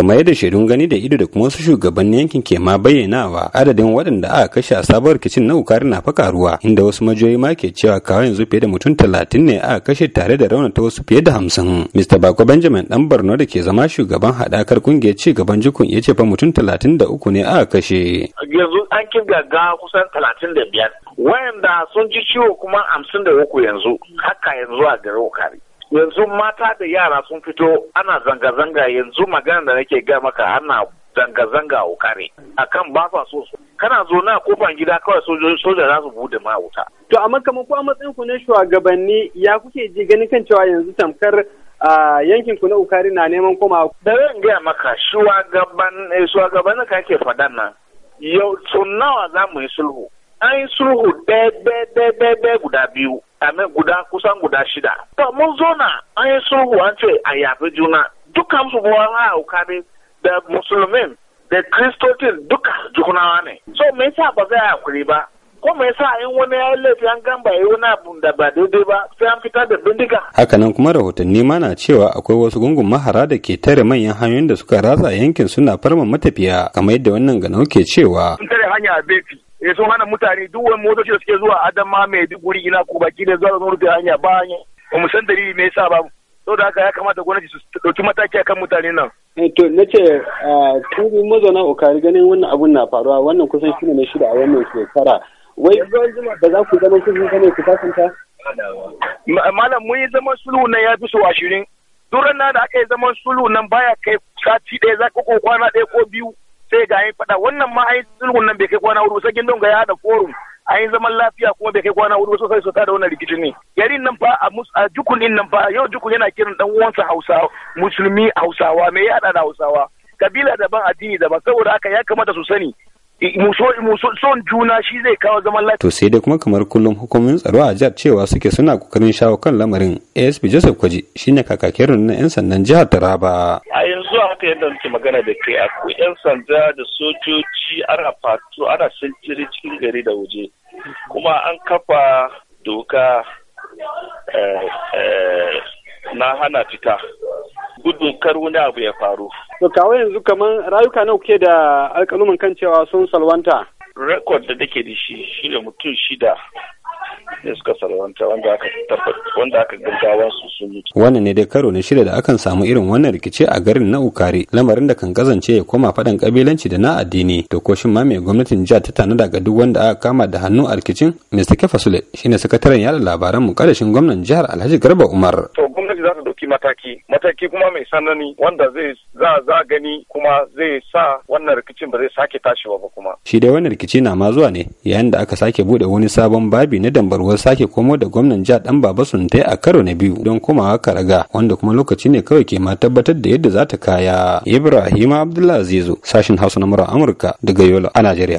kamar yadda shaidun gani da ido da kuma wasu shugabannin yankin ke ma bayyanawa adadin waɗanda aka kashe a sabuwar kicin na ukari na faka ruwa inda wasu majiyoyi ma ke cewa kawai yanzu fiye da mutum talatin ne aka kashe tare da raunata wasu fiye da hamsin mr bako benjamin dan borno da ke zama shugaban haɗakar kungiyar ci gaban jikun ya ce fa mutum talatin da uku ne aka kashe yanzu an gaga kusan talatin da biyar wayanda sun ji ciwo kuma hamsin da uku yanzu haka yanzu a garin ukari yanzu mata da yara sun fito ana zanga-zanga yanzu magana da nake ga maka ana zanga-zanga a a akan ba sa so su kana zo na kofan gida kawai sojoji soja za su bude ma wuta to a kamar ko a matsayin ku na shugabanni ya kuke ji ganin kan cewa yanzu tamkar a yankin ku na ukari na neman koma da zan gaya maka shugaban eh, shugabannin ka ke faɗan nan yau sun nawa za mu yi sulhu an yi sulhu ɗaya ɗaya ɗaya guda biyu mai guda kusan guda shida. To mun zo na an yi sulhu an ce a yafi juna dukkan su kuwa na ne da musulmin da kristotin duka jukunawa ne. So me yasa ba zai hakuri ba? Ko me yasa in wani ya yi laifi an gan ba yi wani abu da ba daidai ba sai an fitar da bindiga. Hakanan kuma rahotanni ma na cewa akwai wasu gungun mahara da ke tare manyan hanyoyin da suka ratsa yankin suna farma matafiya kamar yadda wannan ganau ke cewa. tare hanya a befi eh sun hana mutane duk wani motoci da suke zuwa adama mai wuri ina ko baki da zuwa rufe hanya ba hanya ba mu san dalili me yasa ba saboda haka ya kamata gwamnati su dauki mataki akan mutane nan eh, to na ce tuni mazauna okari ganin wannan abun na faruwa wannan kusan shine na shida a wannan shekara wai ba za ku zama sulhu ne ku kasanta malam mun yi zaman sulhu nan ya fi su ashirin duran na da aka yi zaman sulhu nan baya kai sati ɗaya za ko kwana ɗaya ko biyu sai ga yin faɗa wannan ma ai sulhun nan bai kai kwana hudu sai gindon ga ya da forum ai zaman lafiya kuma bai kai kwana hudu sosai sosai da wannan rikicin ne garin nan fa a jukunin nan fa yau jukun yana kiran dan uwansa Hausa musulmi Hausawa me ya da Hausawa kabila daban addini daban saboda haka ya kamata su sani son juna shi zai kawo zaman lafiya. To sai dai kuma kamar kullum hukumomin tsaro a jihar cewa suke suna kokarin shawo kan lamarin. ASP Joseph Kwaji shine kakakin na 'yan sandan jihar Taraba. haka yadda muke magana da kai akwai 'yan sanda da sojoji ana fatu, ana sintiri cikin gari da waje kuma an kafa doka eh, eh, na hana fita gudun kar wani abu ya faru. To kawo yanzu kamar rayuka nawa kuke da alkaluman kan cewa sun salwanta? Rekod da take da shi shi da mutum shida da suka salwanta wanda aka wanda aka gaggawa su sun mutu. Wannan ne dai karo na shida da akan samu irin wannan rikici a garin na Ukare lamarin da kan kazance ya koma faɗan kabilanci da na addini to ko shin ma mai gwamnatin jihar ta tanada ga duk wanda aka kama da hannu a rikicin Mr. Kefa Sule shine sakataren yada labaran mu: karshen gwamnan jihar Alhaji Garba Umar. gwamnati za ta ɗauki mataki mataki kuma mai sanani wanda zai za za gani kuma zai sa wannan rikicin ba zai sake tashi ba kuma shi dai wannan rikici na ma zuwa ne yayin da aka sake bude wani sabon babi na dambarwar sake komo da gwamnan jihar dan baba tai a karo na biyu don komawa raga? wanda kuma lokaci ne kawai ke ma tabbatar da yadda za ta kaya Ibrahim abdullahi azizu sashin hausa na amurka daga yola a najeriya